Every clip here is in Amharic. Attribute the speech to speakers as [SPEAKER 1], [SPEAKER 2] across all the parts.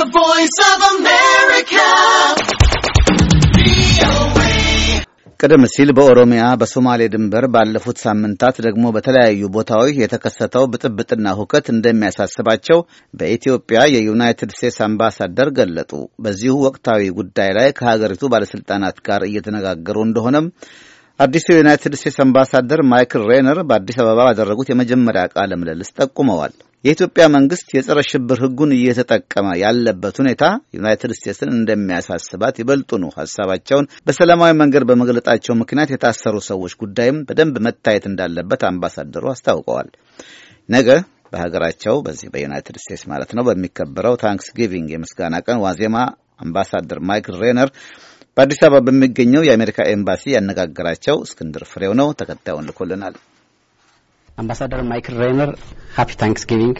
[SPEAKER 1] The Voice of America.
[SPEAKER 2] ቀደም ሲል በኦሮሚያ በሶማሌ ድንበር ባለፉት ሳምንታት ደግሞ በተለያዩ ቦታዎች የተከሰተው ብጥብጥና ሁከት እንደሚያሳስባቸው በኢትዮጵያ የዩናይትድ ስቴትስ አምባሳደር ገለጡ። በዚሁ ወቅታዊ ጉዳይ ላይ ከሀገሪቱ ባለስልጣናት ጋር እየተነጋገሩ እንደሆነም አዲሱ የዩናይትድ ስቴትስ አምባሳደር ማይክል ሬነር በአዲስ አበባ ባደረጉት የመጀመሪያ ቃለ ምልልስ ጠቁመዋል። የኢትዮጵያ መንግስት የጸረ ሽብር ህጉን እየተጠቀመ ያለበት ሁኔታ ዩናይትድ ስቴትስን እንደሚያሳስባት ይበልጡኑ ሀሳባቸውን በሰላማዊ መንገድ በመግለጣቸው ምክንያት የታሰሩ ሰዎች ጉዳይም በደንብ መታየት እንዳለበት አምባሳደሩ አስታውቀዋል። ነገ በሀገራቸው በዚህ በዩናይትድ ስቴትስ ማለት ነው በሚከበረው ታንክስ ጊቪንግ የምስጋና ቀን ዋዜማ አምባሳደር ማይክል ሬነር በአዲስ አበባ በሚገኘው የአሜሪካ ኤምባሲ ያነጋገራቸው እስክንድር ፍሬው ነው። ተከታዩን ልኮልናል። አምባሳደር
[SPEAKER 1] ማይክል ሬይነር ሃፒ ታንክስ ጊቪንግ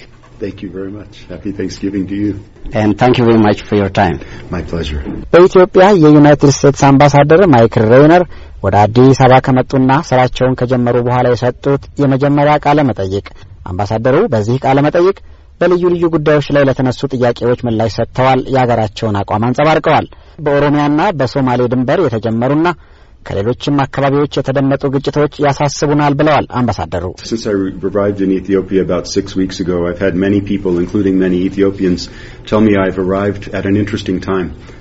[SPEAKER 2] በኢትዮጵያ የዩናይትድ ስቴትስ አምባሳደር ማይክል ሬይነር ወደ አዲስ አበባ ከመጡና ስራቸውን ከጀመሩ በኋላ የሰጡት የመጀመሪያ ቃለ መጠይቅ አምባሳደሩ በዚህ ቃለ መጠይቅ በልዩ ልዩ ጉዳዮች ላይ ለተነሱ ጥያቄዎች ምላሽ ሰጥተዋል። የሀገራቸውን አቋም አንጸባርቀዋል። በኦሮሚያና በሶማሌ ድንበር የተጀመሩና ከሌሎችም አካባቢዎች የተደመጡ ግጭቶች ያሳስቡናል ብለዋል አምባሳደሩ።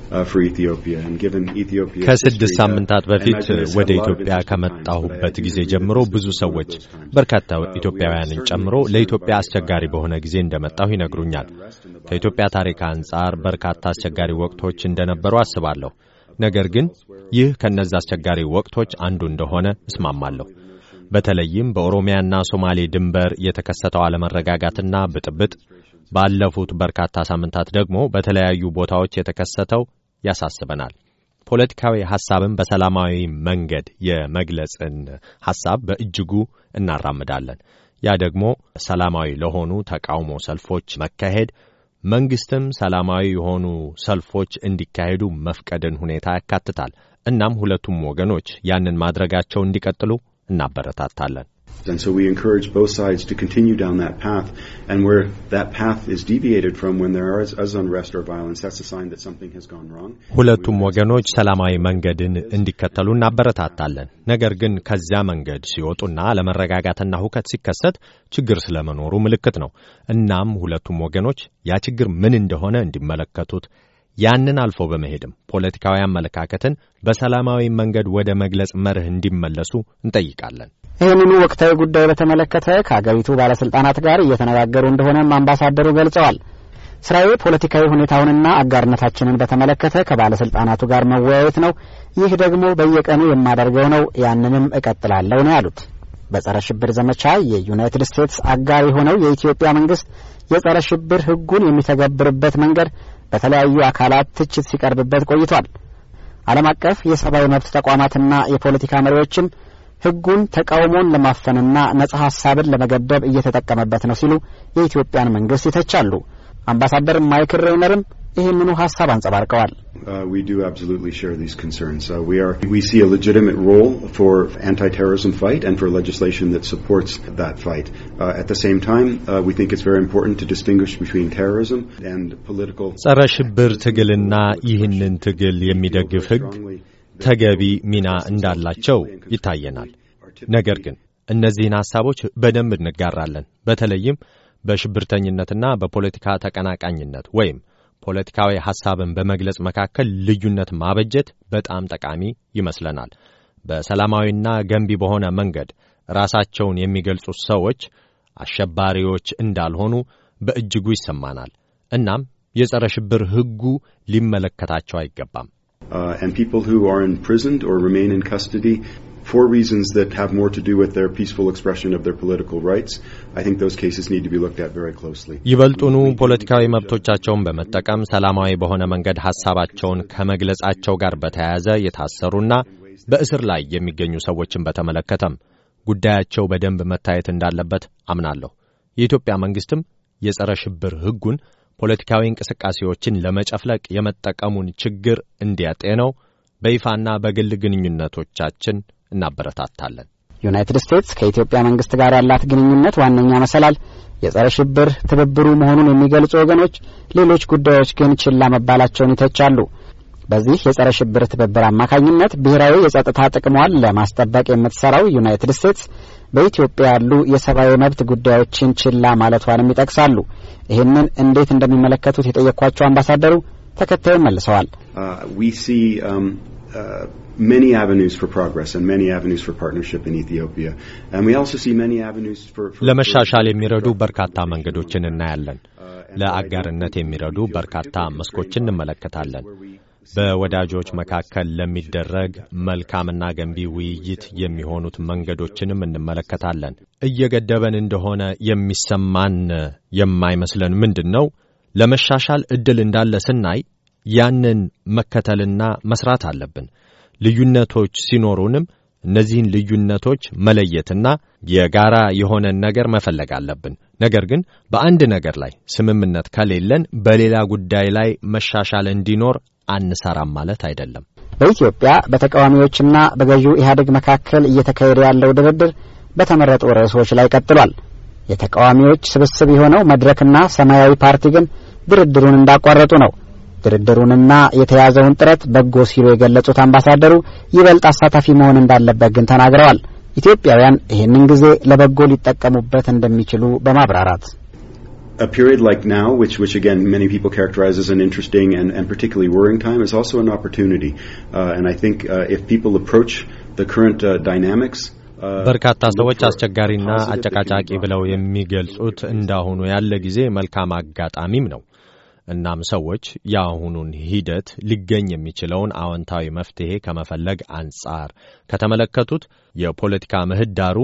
[SPEAKER 1] Uh, ከስድስት uh, ሳምንታት በፊት ወደ ኢትዮጵያ
[SPEAKER 3] ከመጣሁበት ጊዜ ጀምሮ ብዙ ሰዎች በርካታ uh, ኢትዮጵያውያንን ጨምሮ ለኢትዮጵያ አስቸጋሪ በሆነ ጊዜ እንደመጣሁ ይነግሩኛል። ከኢትዮጵያ ታሪክ አንጻር በርካታ አስቸጋሪ ወቅቶች እንደነበሩ አስባለሁ። ነገር ግን ይህ ከእነዚያ አስቸጋሪ ወቅቶች አንዱ እንደሆነ እስማማለሁ። በተለይም በኦሮሚያና ሶማሌ ድንበር የተከሰተው አለመረጋጋትና ብጥብጥ ባለፉት በርካታ ሳምንታት ደግሞ በተለያዩ ቦታዎች የተከሰተው ያሳስበናል። ፖለቲካዊ ሐሳብን በሰላማዊ መንገድ የመግለጽን ሐሳብ በእጅጉ እናራምዳለን። ያ ደግሞ ሰላማዊ ለሆኑ ተቃውሞ ሰልፎች መካሄድ፣ መንግሥትም ሰላማዊ የሆኑ ሰልፎች እንዲካሄዱ መፍቀድን ሁኔታ ያካትታል። እናም ሁለቱም ወገኖች ያንን ማድረጋቸው እንዲቀጥሉ እናበረታታለን።
[SPEAKER 1] And so we encourage both sides to continue down that path. And where that path is deviated from when there is, unrest or violence, that's a sign that something has gone wrong.
[SPEAKER 3] ሁለቱም ወገኖች ሰላማዊ መንገድን እንዲከተሉ እናበረታታለን። ነገር ግን ከዚያ መንገድ ሲወጡና ለመረጋጋትና ሁከት ሲከሰት ችግር ስለመኖሩ ምልክት ነው። እናም ሁለቱም ወገኖች ያ ችግር ምን እንደሆነ እንዲመለከቱት ያንን አልፎ በመሄድም ፖለቲካዊ አመለካከትን በሰላማዊ መንገድ ወደ መግለጽ መርህ እንዲመለሱ እንጠይቃለን።
[SPEAKER 2] ይህንኑ ወቅታዊ ጉዳይ በተመለከተ ከሀገሪቱ ባለስልጣናት ጋር እየተነጋገሩ እንደሆነም አምባሳደሩ ገልጸዋል። ስራዬ ፖለቲካዊ ሁኔታውንና አጋርነታችንን በተመለከተ ከባለስልጣናቱ ጋር መወያየት ነው። ይህ ደግሞ በየቀኑ የማደርገው ነው። ያንንም እቀጥላለሁ ነው ያሉት። በጸረ ሽብር ዘመቻ የዩናይትድ ስቴትስ አጋር የሆነው የኢትዮጵያ መንግስት የጸረ ሽብር ህጉን የሚተገብርበት መንገድ በተለያዩ አካላት ትችት ሲቀርብበት ቆይቷል። ዓለም አቀፍ የሰብአዊ መብት ተቋማትና የፖለቲካ መሪዎችም ህጉን ተቃውሞን ለማፈንና ነጻ ሀሳብን ለመገደብ እየተጠቀመበት ነው ሲሉ የኢትዮጵያን መንግስት ይተቻሉ። አምባሳደር ማይክል ሬይነርም ይህንኑ ሀሳብ አንጸባርቀዋል።
[SPEAKER 1] ጸረ
[SPEAKER 3] ሽብር ትግልና ይህንን ትግል የሚደግፍ ሕግ ተገቢ ሚና እንዳላቸው ይታየናል። ነገር ግን እነዚህን ሐሳቦች በደንብ እንጋራለን። በተለይም በሽብርተኝነትና በፖለቲካ ተቀናቃኝነት ወይም ፖለቲካዊ ሐሳብን በመግለጽ መካከል ልዩነት ማበጀት በጣም ጠቃሚ ይመስለናል። በሰላማዊና ገንቢ በሆነ መንገድ ራሳቸውን የሚገልጹ ሰዎች አሸባሪዎች እንዳልሆኑ በእጅጉ ይሰማናል። እናም የጸረ ሽብር ሕጉ ሊመለከታቸው አይገባም።
[SPEAKER 1] Uh, and people who are imprisoned or remain in custody for reasons that have more to do with their peaceful expression of their political rights. I think those cases need to be looked at very closely.
[SPEAKER 3] ይበልጡኑ ፖለቲካዊ መብቶቻቸውን በመጠቀም ሰላማዊ በሆነ መንገድ ሐሳባቸውን ከመግለጻቸው ጋር በተያያዘ የታሰሩና በእስር ላይ የሚገኙ ሰዎችን በተመለከተም ጉዳያቸው በደንብ መታየት እንዳለበት አምናለሁ። የኢትዮጵያ መንግስትም የጸረ ሽብር ህጉን ፖለቲካዊ እንቅስቃሴዎችን ለመጨፍለቅ የመጠቀሙን ችግር እንዲያጤነው በይፋና በግል ግንኙነቶቻችን እናበረታታለን።
[SPEAKER 2] ዩናይትድ ስቴትስ ከኢትዮጵያ መንግስት ጋር ያላት ግንኙነት ዋነኛ መሰላል የጸረ ሽብር ትብብሩ መሆኑን የሚገልጹ ወገኖች ሌሎች ጉዳዮች ግን ችላ መባላቸውን ይተቻሉ። በዚህ የጸረ ሽብር ትብብር አማካኝነት ብሔራዊ የጸጥታ ጥቅሟን ለማስጠበቅ የምትሰራው ዩናይትድ ስቴትስ በኢትዮጵያ ያሉ የሰብአዊ መብት ጉዳዮችን ችላ ማለቷንም ይጠቅሳሉ። ይህንን እንዴት እንደሚመለከቱት የጠየኳቸው አምባሳደሩ
[SPEAKER 1] ተከታዩን መልሰዋል። uh, many
[SPEAKER 3] ለመሻሻል የሚረዱ በርካታ መንገዶችን እናያለን። uh, ለአጋርነት የሚረዱ በርካታ መስኮችን እንመለከታለን። በወዳጆች መካከል ለሚደረግ መልካምና ገንቢ ውይይት የሚሆኑት መንገዶችንም እንመለከታለን። እየገደበን እንደሆነ የሚሰማን የማይመስለን ምንድን ነው? ለመሻሻል እድል እንዳለ ስናይ ያንን መከተልና መስራት አለብን። ልዩነቶች ሲኖሩንም እነዚህን ልዩነቶች መለየትና የጋራ የሆነን ነገር መፈለግ አለብን። ነገር ግን በአንድ ነገር ላይ ስምምነት ከሌለን በሌላ ጉዳይ ላይ መሻሻል እንዲኖር አንሰራም ማለት አይደለም።
[SPEAKER 2] በኢትዮጵያ በተቃዋሚዎችና በገዢው ኢህአዴግ መካከል እየተካሄደ ያለው ድርድር በተመረጡ ርዕሶች ላይ ቀጥሏል። የተቃዋሚዎች ስብስብ የሆነው መድረክና ሰማያዊ ፓርቲ ግን ድርድሩን እንዳቋረጡ ነው ድርድሩንና የተያዘውን ጥረት በጎ ሲሉ የገለጹት አምባሳደሩ ይበልጥ አሳታፊ መሆን እንዳለበት ግን ተናግረዋል። ኢትዮጵያውያን ይህንን ጊዜ ለበጎ ሊጠቀሙበት እንደሚችሉ በማብራራት
[SPEAKER 1] A period like now, which, which again many people characterize as an interesting and, and particularly worrying time, is also an opportunity. Uh, and I think uh, if people approach the current uh, dynamics,
[SPEAKER 3] በርካታ ሰዎች አስቸጋሪና አጨቃጫቂ ብለው የሚገልጹት እንዳሁኑ ያለ ጊዜ መልካም አጋጣሚም ነው። እናም ሰዎች የአሁኑን ሂደት ሊገኝ የሚችለውን አዎንታዊ መፍትሔ ከመፈለግ አንጻር ከተመለከቱት የፖለቲካ ምህዳሩ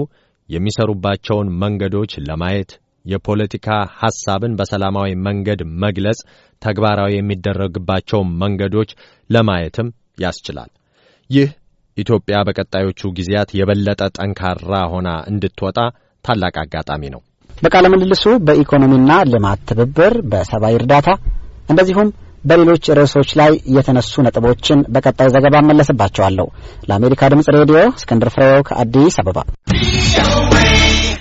[SPEAKER 3] የሚሰሩባቸውን መንገዶች ለማየት የፖለቲካ ሐሳብን በሰላማዊ መንገድ መግለጽ ተግባራዊ የሚደረግባቸውን መንገዶች ለማየትም ያስችላል። ይህ ኢትዮጵያ በቀጣዮቹ ጊዜያት የበለጠ ጠንካራ ሆና እንድትወጣ ታላቅ አጋጣሚ ነው።
[SPEAKER 2] በቃለ ምልልሱ በኢኮኖሚና ልማት ትብብር፣ በሰብአዊ እርዳታ እንደዚሁም በሌሎች ርዕሶች ላይ የተነሱ ነጥቦችን በቀጣይ ዘገባ መለስባቸዋለሁ። ለአሜሪካ ድምጽ ሬዲዮ እስክንድር ፍሬው ከአዲስ አበባ